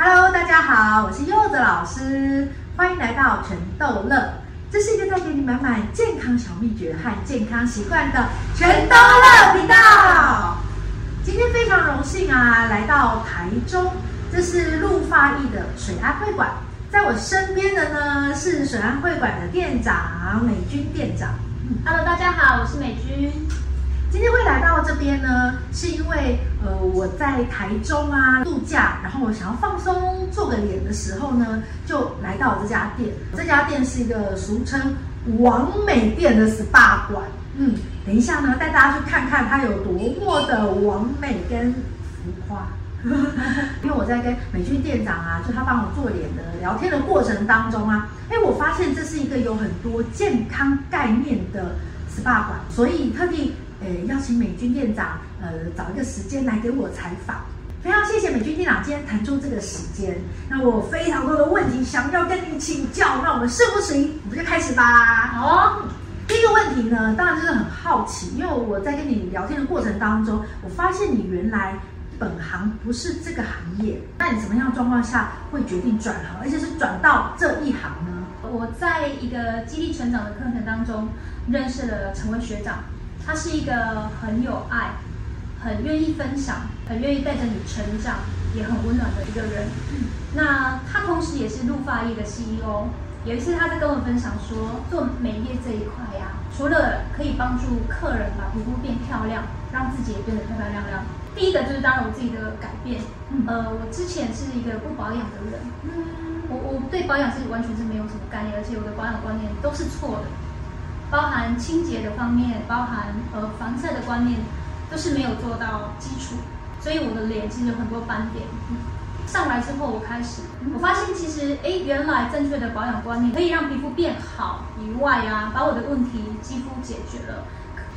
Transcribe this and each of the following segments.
Hello，大家好，我是柚子老師，歡迎來到全樂。這是一個帶給你滿滿健康小秘訣和健康習慣的全樂頻道。今天非常榮幸啊，來到台中，這是露琺意的水安會館，在我身邊的呢是水安會館的店長美君店長。嗯、Hello，大家好，我是美君。今天會來到這邊呢，是因為呃我在台中啊度假，然後我想要放鬆做個臉的時候呢，就來到了這家店。這家店是一個俗稱“網美店”的 SPA 館。嗯，等一下呢，帶大家去看看它有多麼的網美跟浮誇。 因為我在跟美君店長啊，就他幫我做臉的聊天的過程當中啊，哎，我發現這是一個有很多健康概念的 SPA 館，所以特地。呃、欸，邀請美君店長，呃，找一個時間來給我採訪。非常謝謝美君店長今天騰出這個時間。那我非常多的問題想要跟你請教，那我們行不行？我們就開始吧。好、哦，第一個問題呢，當然就是很好奇，因為我在跟你聊天的過程當中，我發現你原來本行不是這個行業，那你什麼樣的狀況下會決定轉行，而且是轉到這一行呢？我在一個激勵成長的課程當中認識了成為學長。他是一個很有愛、很願意分享、很願意帶着你成長，也很溫暖的一個人。嗯、那他同時也是露琺意的 CEO。有一次他在跟我分享說，做美業這一塊呀、啊，除了可以幫助客人把皮膚變漂亮，讓自己也變得漂漂亮亮，第一個就是當然我自己的改變。呃，我之前是一個不保養的人，我我對保養是完全是沒有什麼概念，而且我的保養觀念都是錯的。包含清潔的方面，包含呃防曬的觀念，都是沒有做到基礎，所以我的臉其實有很多斑點。嗯。上來之後，我開始我發現其實哎，原來正確的保養觀念可以讓皮膚變好以外啊，把我的問題幾乎解決了。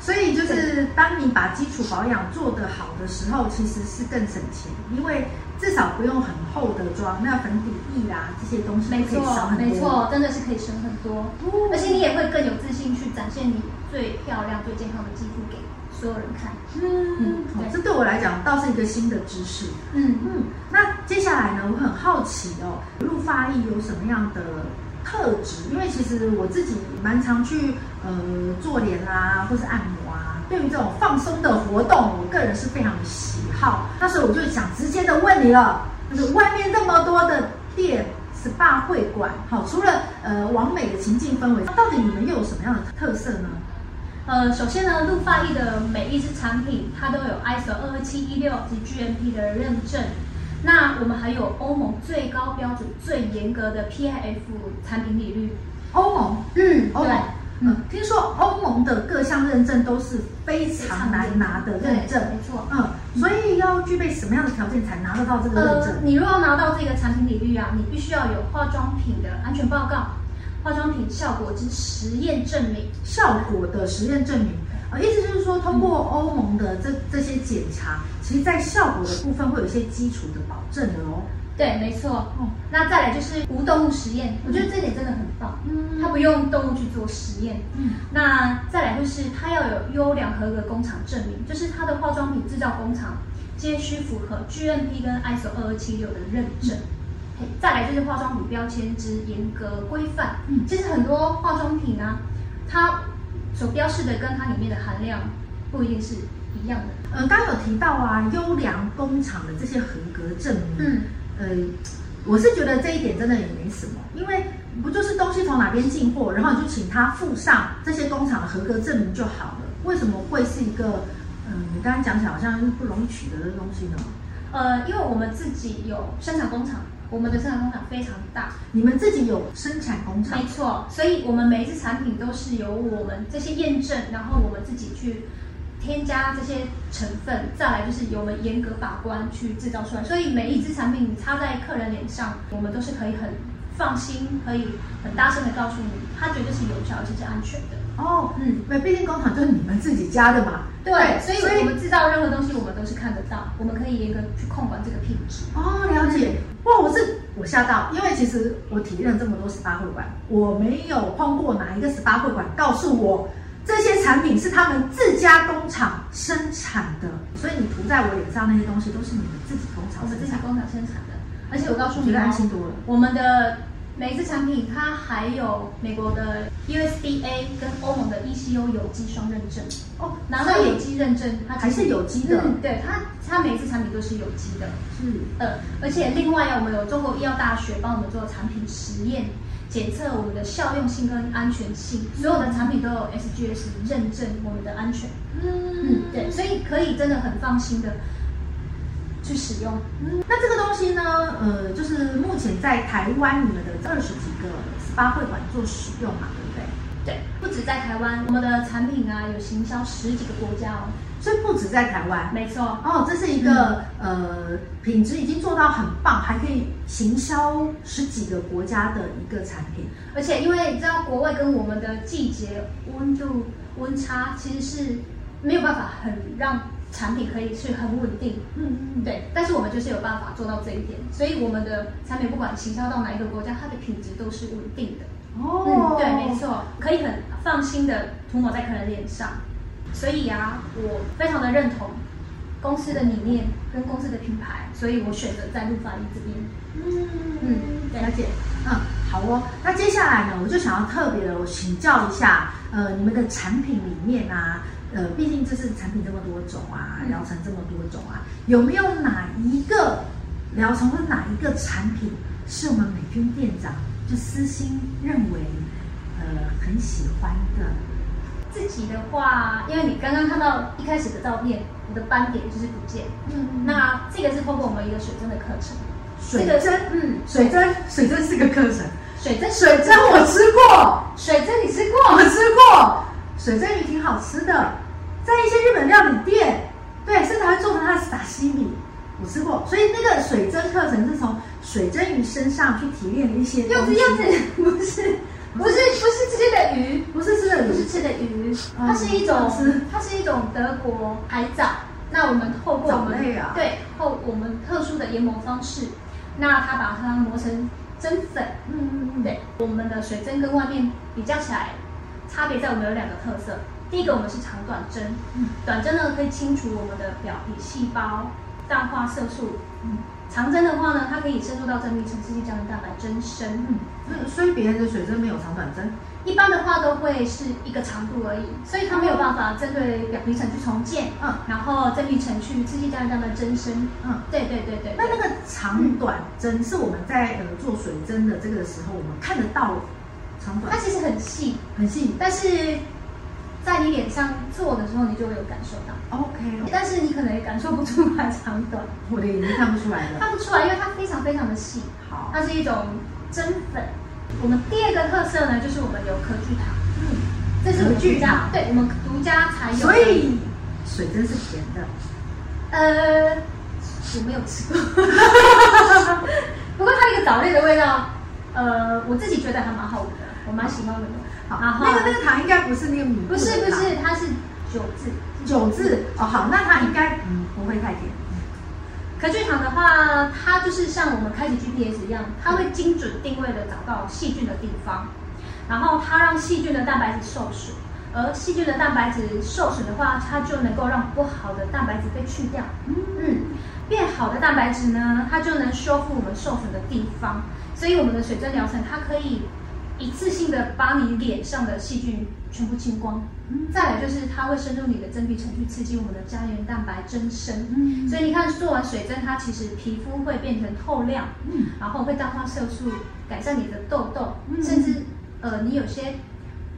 所以就是，對當你把基礎保養做得好的時候，其實是更省錢，因為至少不用很厚的妝，那粉底液啊這些東西可以少很多沒錯，沒錯，真的是可以省很多。哦、而且你也會更有自信去展現你最漂亮、最健康的肌膚給所有人看。嗯對，這對我來講倒是一個新的知識。嗯嗯，那接下來呢，我很好奇哦，露琺意有什麼樣的？特質，因為其實我自己蠻常去呃做臉啊，或是按摩啊，對於這種放鬆的活動，我個人是非常的喜好。那所以我就想直接的問你了，就是、外面那麼多的店、spa 會館，好，除了呃完美的情境氛圍，到底你們又有什麼樣的特色呢？呃，首先呢，露琺意的每一支產品，它都有 ISO 二二七一六及 GMP 的認證。那我們還有歐盟最高標準、最嚴格的 PIF 產品比率歐盟。歐盟，嗯，對，嗯，聽說歐盟的各項認證都是非常難拿的認證，沒錯，嗯，所以要具備什麼樣的條件才拿得到這個認證？呃，你如果要拿到這個產品比率啊，你必須要有化妝品的安全報告、化妝品效果及實驗證明，效果的實驗證明。意思就是說，通過歐盟的這這些檢查，嗯、其實，在效果的部分會有一些基礎的保證的哦。對，沒錯。嗯、那再來就是無動物實驗，嗯、我覺得這點真的很棒。嗯，它不用動物去做實驗。嗯，那再來就是它要有優良合格工廠證明，就是它的化妝品製造工廠皆需符合 GMP 跟 ISO 二二七一六的認證、嗯。再來就是化妝品標籤之嚴格規範。嗯、其實很多化妝品呢、啊，它。所標示的跟它裡面的含量不一定是一樣的。嗯、呃，剛剛有提到啊，優良工廠的這些合格證明，嗯，呃，我是覺得這一點真的也沒什麼，因為不就是東西從哪邊進貨，然後你就請他附上這些工廠的合格證明就好了。為什麼會是一個，嗯、呃，你剛剛講起來好像不容易取得的東西呢？呃，因為我們自己有生產工廠。我們的生產工廠非常大，你們自己有生產工廠？沒錯，所以我們每一支產品都是由我們這些驗證，然後我們自己去添加這些成分，再來就是由我們嚴格把關去制造出來。所以每一支產品你擦在客人臉上，我們都是可以很放心，可以很大聲的告訴你，它絕對是有效，而且是安全的。哦，嗯，那畢竟工廠就是你們自己家的嘛。對，所以我們製造任何東西，我們都是看得到，我們可以嚴格去控管這個品質。哦，了解。哇，我是我嚇到，因為其實我體驗了這麼多 SPA 會館，我沒有碰過哪一個 SPA 會館告訴我這些產品是他們自家工廠生產的。所以你塗在我臉上那些東西，都是你們自己工廠、我們自己工廠生產的。而且我告訴你，覺得安心多了。我們的。每一支產品它還有美國的 USDA 跟歐盟的 ECO 有機雙認證。哦，拿到有機認證，所以它才是有機的。嗯、對，它，它每一次產品都是有機的。是，嗯，而且另外我們有中國醫藥大學幫我們做產品實驗檢測，我們的效用性跟安全性，嗯、所有的產品都有 SGS 認證我們的安全，嗯嗯，對，所以可以真的很放心的。去使用，嗯，那這個東西呢，呃，就是目前在台灣，你們的二十幾個 SPA 會館做使用嘛，對不對？對，不止在台灣，我們的產品啊，有行銷十幾個國家哦，所以不止在台灣，沒錯，哦，這是一個、嗯、呃，品質已經做到很棒，還可以行銷十幾個國家的一個產品，而且因為你知道，國外跟我們的季節、溫度、溫差其實是沒有辦法很讓。產品可以是很穩定，嗯嗯嗯，嗯對，但是我們就是有辦法做到這一點，所以我們的產品不管行銷到哪一個國家，它的品質都是穩定的。哦、嗯，對，沒錯，可以很放心的塗抹在客人臉上。所以啊，我非常的認同公司的理念跟公司的品牌，所以我選擇在露琺意這邊。嗯嗯，了解、嗯。對嗯，好哦。那接下來呢，我就想要特別的我請教一下，呃，你們的產品裡面啊。呃，畢竟這是產品這麼多種啊，療程這麼多種啊，有沒有哪一個療程或哪一個產品是我們美君店長就私心認為呃很喜歡的？自己的話，因為你剛剛看到一開始的照片，你的斑點就是不見。嗯，那這個是通過我們一個水針的課程。水針，那個、嗯，水針，水針是個課程。水針，水針，水針我吃過。水針魚挺好吃的，在一些日本料理店，對，甚至還會做成它是撒西米，我吃過。所以那個水針課程是從水針魚身上去提煉的一些東西。又子，又是，不是，嗯、不是不是吃的魚，不是吃的魚，不是吃的魚。嗯、它是一種，嗯、它是一種德國海藻。那我們透過我們、啊、對後我們特殊的研磨方式，那它把它磨成針粉。嗯嗯嗯，對，對，我們的水針跟外面比較起來。差別在我們有兩個特色，第一個我們是長短針，嗯、短針呢可以清除我們的表皮細胞，淡化色素；嗯、長針的話呢，它可以深入到真皮層刺激膠原蛋白增生。嗯，對所以別人的水針沒有長短針，一般的話都會是一個長度而已，所以它沒有辦法針對表皮層去重建，嗯，然後真皮層去刺激膠原蛋白增生。嗯，對，對對對對。那那個長短針是我們在、嗯、呃做水針的這個的時候，我們看得到。長它其實很細，很細，但是在你臉上做的時候，你就會有感受到。OK，, okay. 但是你可能也感受不出來長短。我的眼睛看不出來了，看不出來，因為它非常非常的細。好，它是一種針粉。我們第二個特色呢，就是我們有殼聚醣。嗯，這是我們獨家。殼聚醣對，我們獨家才有。所以水針是甜的。呃，我沒有吃過。 不過它一個藻類的味道，呃，我自己覺得還蠻好聞的。我蠻喜歡的，好，然後、那個，那個那個糖應該不是那個米字，不是不是，它是酒字，酒字哦，好，那它應該、嗯、不會太甜。嗯、殼聚醣的話，它就是像我們開啟 GPS 一樣，它會精準定位的找到細菌的地方，嗯、然後它讓細菌的蛋白質受損，而細菌的蛋白質受損的話，它就能夠讓不好的蛋白質被去掉，嗯，嗯，變好的蛋白質呢，它就能修復我們受損的地方，所以我們的水針療程它可以。一次性的把你臉上的細菌全部清光，嗯、再來就是它會深入你的真皮層去刺激我們的膠原蛋白增生，嗯、所以你看做完水針，它其實皮膚會變成透亮，嗯，然後會淡化色素，改善你的痘痘，嗯、甚至呃你有些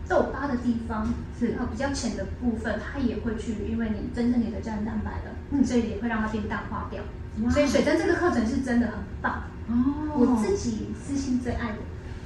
痘疤的地方，是，然後比較淺的部分，它也會去，因為你增生你的膠原蛋白了，嗯、所以也會讓它變淡化掉。哇所以水針這個課程是真的很棒哦，我自己私心最愛的。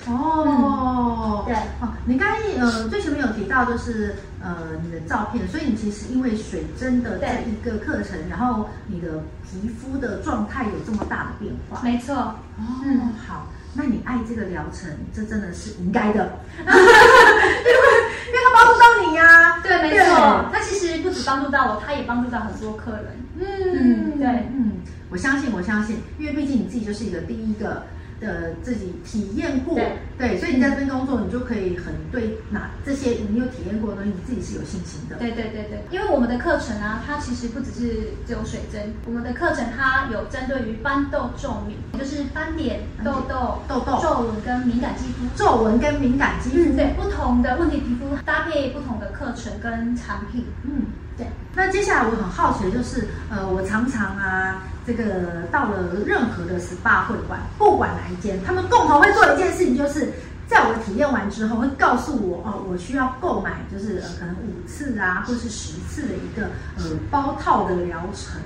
哦、嗯，對，哦，你剛剛呃最前面有提到就是呃你的照片，所以你其實因為水針的這一個課程，對然後你的皮膚的狀態有這麼大的變化，沒錯，哦，嗯嗯、好，那你愛這個療程，這真的是應該的， 因為因為它幫助到你呀、啊，對，沒錯，那對其實不止幫助到我，他也幫助到很多客人，嗯，嗯，對，嗯，我相信，我相信，因為畢竟你自己就是一個第一個。的自己體驗過，對,對，所以你在這邊工作，你就可以很對哪、嗯、這些你有體驗過的東西，你自己是有信心的。對對對對，因為我們的課程呢、啊，它其實不只是只有水針，我們的課程它有針對於斑痘皺敏，就是斑點痘痘痘痘皺紋跟敏感肌膚，皺紋跟敏感肌膚，嗯，對，不同的問題皮膚搭配不同的課程跟產品，嗯，對。對那接下來我很好奇的就是呃，我常常啊。這個到了任何的 SPA 會館，不管哪一間，他們共同會做一件事情，就是在我的體驗完之後，會告訴我哦，我需要購買，就是、呃、可能五次啊，或者是十次的一個呃包套的療程。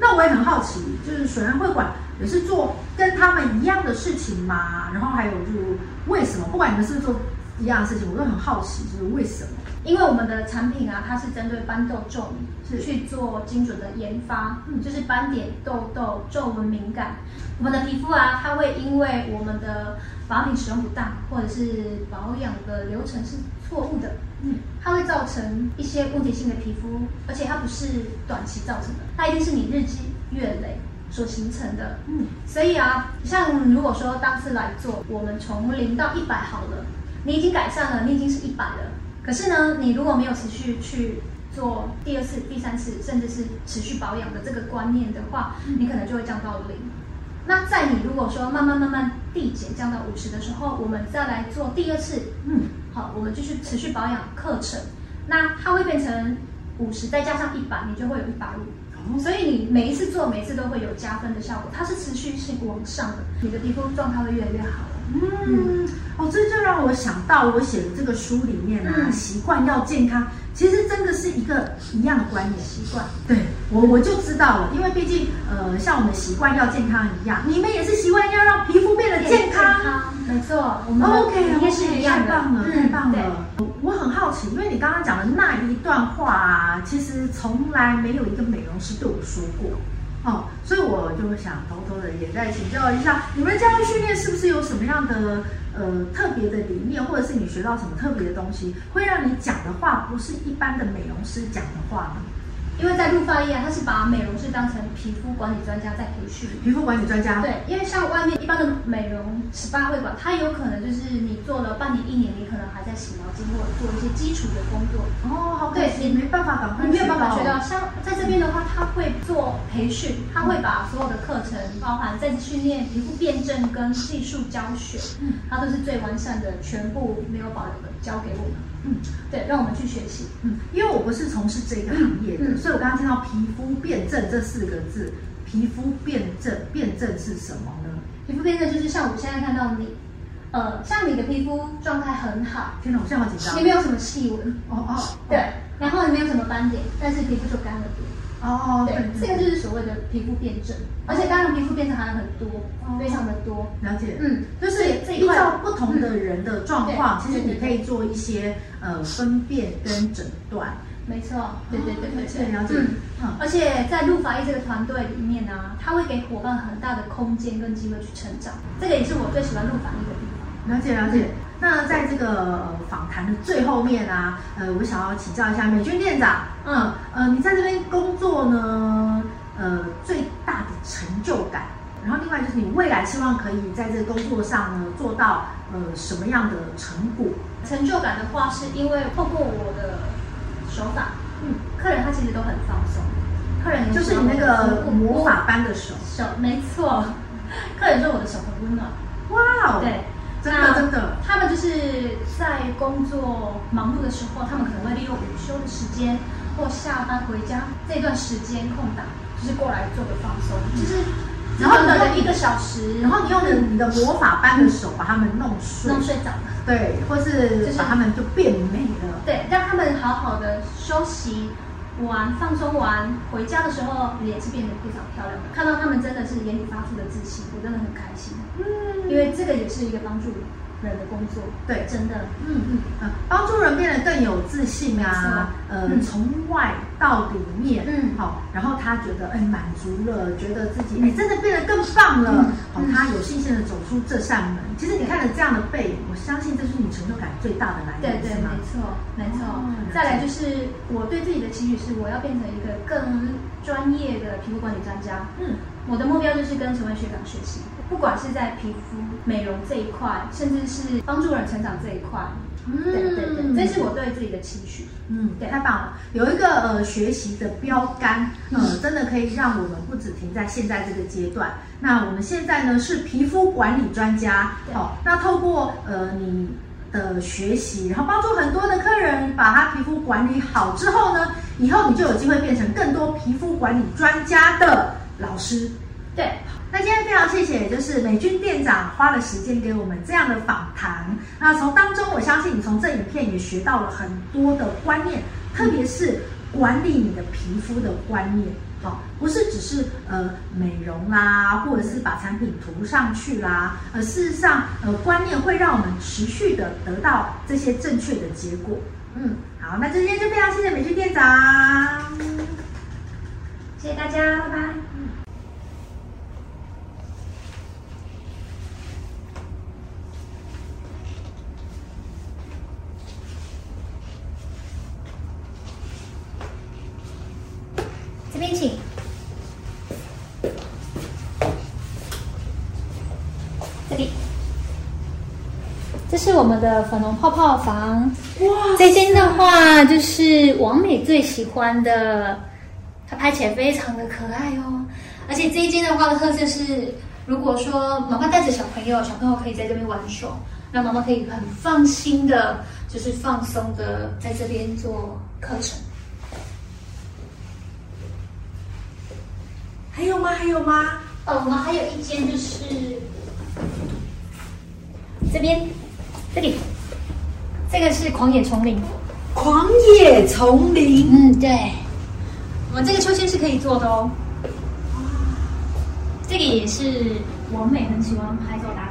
那我也很好奇，就是水安會館也是做跟他們一樣的事情嗎？然後還有就為什麼？不管你們是不是做一樣的事情，我都很好奇，就是為什麼？因為我們的產品啊，它是針對斑痘皺敏，是去做精準的研發，嗯、就是斑點、痘痘、皺紋敏感。我們的皮膚啊，它會因為我們的保養使用不當，或者是保養的流程是錯誤的，嗯，它會造成一些問題性的皮膚，而且它不是短期造成的，它一定是你日積月累所形成的，嗯，所以啊，像如果說當時來做，我們從零到一百好了，你已經改善了，你已經是一百了。可是呢，你如果沒有持續去做第二次、第三次，甚至是持續保養的這個觀念的話，你可能就會降到零。嗯、那在你如果說慢慢慢慢遞減降到五十的時候，我們再來做第二次，嗯，好，我們繼續持續保養課程，那它會變成五十再加上一百，你就會有一百五。哦、嗯，所以你每一次做，每一次都會有加分的效果，它是持續性往上的，你的皮膚狀態會越來越好了。嗯，嗯哦這。但我想到我寫的這個書裡面啊，嗯、習慣要健康，其實真的是一個一樣的觀念。習慣，對我、嗯、我就知道了，因為畢竟呃，像我們習慣要健康一樣，你們也是習慣要讓皮膚變得健康。健康沒錯，我們可以、啊、OK 哦，我們是一樣的，太棒了，太棒了、嗯，我。我很好奇，因為你剛剛講的那一段話、啊，其實從來沒有一個美容師對我說過。哦，所以我就想偷偷的也再請教一下，你們這樣訓練是不是有什麼樣的呃特別的理念，或者是你學到什麼特別的東西，會讓你講的話不是一般的美容師講的話呢？因為在露琺意，啊，他是把美容師當成皮膚管理專家在培訓。皮膚管理專家。對，因為像外面一般的美容 SPA 會館，他有可能就是你做了半年，一年，你可能還在洗毛巾或者做一些基礎的工作。哦，好可惜。對，你也沒辦法趕快，沒有辦法學到。像在這邊的話，他，嗯，會做培訓，他會把所有的課程，包含在訓練皮膚辨證跟技術教學，嗯，它都是最完善的，全部沒有保留的教給我們。嗯，對，讓我們去學習。嗯，因為我不是從事這個行業的，嗯嗯、所以我剛剛聽到“皮膚辯證”這四個字，“皮膚辯證”辯證是什麼呢？皮膚辯證就是像我現在看到你，呃，像你的皮膚狀態很好，天吶，我現在好緊張，也沒有什麼細紋、哦，哦哦，對，然後也沒有什麼斑點，但是皮膚就乾了點。哦，對，這個就是所謂的皮膚辨證，而且當然皮膚辨證還有很多，非常的多。了解。嗯，就是依照不同的人的狀況，其實你可以做一些呃分辨跟診斷。沒錯，對對對，很了解。嗯，而且在露琺意這個團隊裡面呢，他會給夥伴很大的空間跟機會去成長，這個也是我最喜歡露琺意的地方。了解，了解。那在這個呃訪談的最後面啊，呃，我想要請教一下美君店長，嗯，呃，你在這邊工作呢，呃，最大的成就感，然後另外就是你未來希望可以在這個工作上呢做到呃什麼樣的成果？成就感的話，是因為透過我的手法，嗯，客人他其實都很放鬆，客人就是你那個魔法般的手，哦、手沒錯，客人說我的手很溫暖，哇哦 Wow，對。那真的，真的，他們就是在工作忙碌的時候，他們可能會利用午休的時間、嗯、或下班回家這段時間空檔，嗯、就是過來做個放鬆，嗯、就是然後等了一個小時，然後你用你你的魔法般的手、嗯、把他們弄睡，弄睡着，對，或是把他們就變美了，就是、對，讓他們好好的休息。玩放鬆完回家的時候，臉也是變得非常漂亮的。看到他們真的是眼裡發出的自信，我真的很開心。嗯，因為這個也是一個幫助人的工作，對，真的，嗯嗯，嗯啊，幫助人變得更有自信啊。呃，嗯、從外到裡面，嗯，好、哦，然後他覺得，哎，滿足了，覺得自己，哎，真的變得更棒了，好、嗯嗯哦，他有信心的走出這扇門。嗯、其實你看了這樣的背影，對我相信這是你成就感最大的來源，對是嗎？對對，沒錯沒錯。哦、沒錯再來就是我對自己的期許是，我要變成一個更專業的皮膚管理專家。嗯，我的目標就是跟陳文學長學習，不管是在皮膚美容這一塊，甚至是幫助人成長這一塊。嗯，對對對，對，這是我對自己的期許。嗯，對，太棒了，有一個呃學習的標杆，呃，嗯，真的可以讓我們不止停在現在這個階段。那我們現在呢是皮膚管理專家，哦，對那透過呃你的學習，然後幫助很多的客人把他皮膚管理好之後呢，以後你就有機會變成更多皮膚管理專家的老師，對。要謝謝，就是美君店長花了時間給我們這樣的訪談。那從當中，我相信你從這影片也學到了很多的觀念，特別是管理你的皮膚的觀念，好，哦，不是只是呃美容啦，或者是把產品塗上去啦，而事實上，呃，觀念會讓我們持續的得到這些正確的結果。嗯，好，那今天就非常謝謝美君店長，謝謝大家，拜拜。是我們的粉紅泡泡房。哇塞！這間的話就是網美最喜歡的，它拍起來非常的可愛哦。而且這一間的話，特色是，如果說媽媽帶着小朋友，小朋友可以在這邊玩耍，讓媽媽可以很放心的，就是放鬆的在這邊做課程。還有嗎？還有嗎？呃、嗯，我們還有一間，就是這邊。這裡，這個是狂野叢林。狂野叢林，嗯，對，我們這個秋千是可以坐的哦。哇，這個也是網美很喜歡拍照打卡。